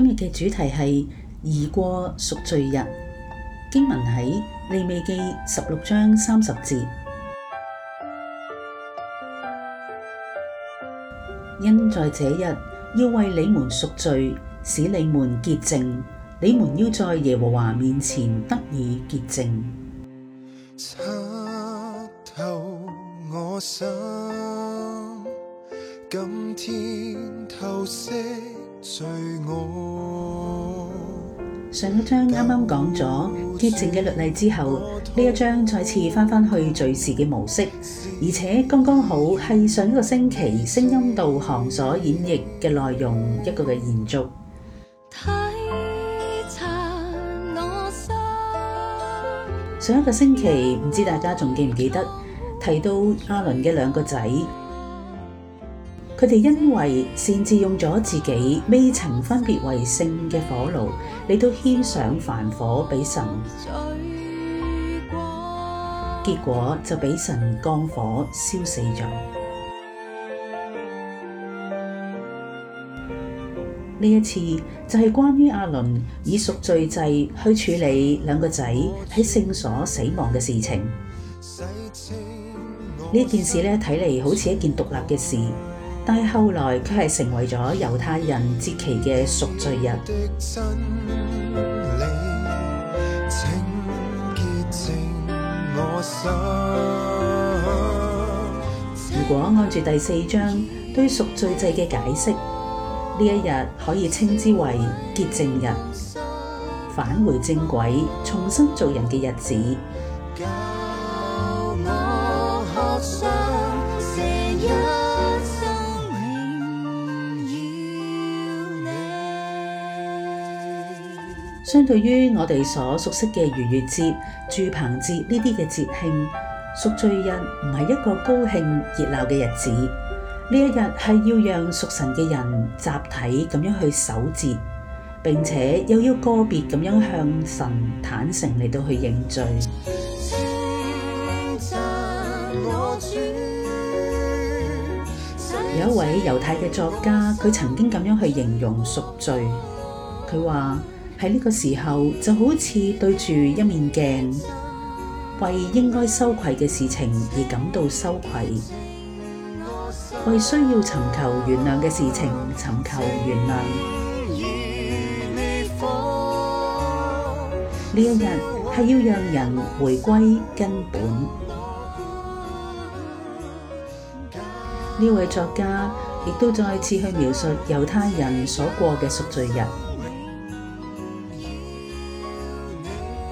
今日嘅主題係宜過贖罪日，經文喺利未記十六章三十節，因在這日要為你們贖罪，使你們潔淨，你們要在耶和華面前得以潔淨。上一章啱啱講咗潔淨嘅律例之後，呢一章再次返返去敘事嘅模式，而且剛剛好係上一個星期聲音導航所演繹嘅內容一個嘅延續。上一個星期，唔知大家仲記唔記得提到阿倫嘅兩個仔？佢哋因為擅自用咗自己未曾分別為聖嘅火爐，嚟到牽上凡火俾神，結果就俾神降火燒死咗。呢 一次就係關於阿倫以贖罪祭去處理兩個仔喺聖所死亡嘅事情。呢 件事呢，睇嚟好似一件獨立嘅事。但係後來佢係成為咗猶太人節期嘅贖罪日。如果按住第四章對贖罪祭嘅解釋，呢一日可以稱之為潔淨日，返回正軌、重新做人嘅日子。相對於我哋所熟悉嘅逾越節、住棚節呢啲嘅節慶，贖罪日唔係一個高興熱鬧嘅日子。呢一日係要讓屬神嘅人集體咁樣去守節，並且又要個別咁樣向神坦誠嚟到去認罪。有一位猶太嘅作家，佢曾經咁樣去形容贖罪，佢話。喺呢個時候就好似對住一面鏡，為應該羞愧嘅事情而感到羞愧，為需要尋求原諒嘅事情尋求原諒。呢一日係要讓人回歸根本。呢位作家亦都再次去描述猶太人所過嘅贖罪日。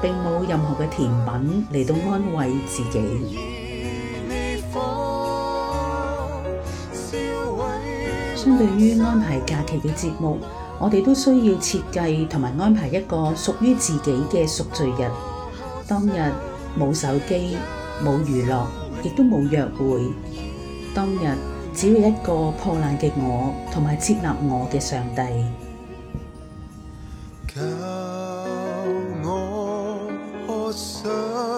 並冇任何嘅甜品嚟到安慰自己。相對於安排假期嘅節目，我哋都需要設計同埋安排一個屬於自己嘅贖罪日。當日冇手機，冇娛樂，亦都冇約會。當日只有一個破爛嘅我，同埋接納我嘅上帝。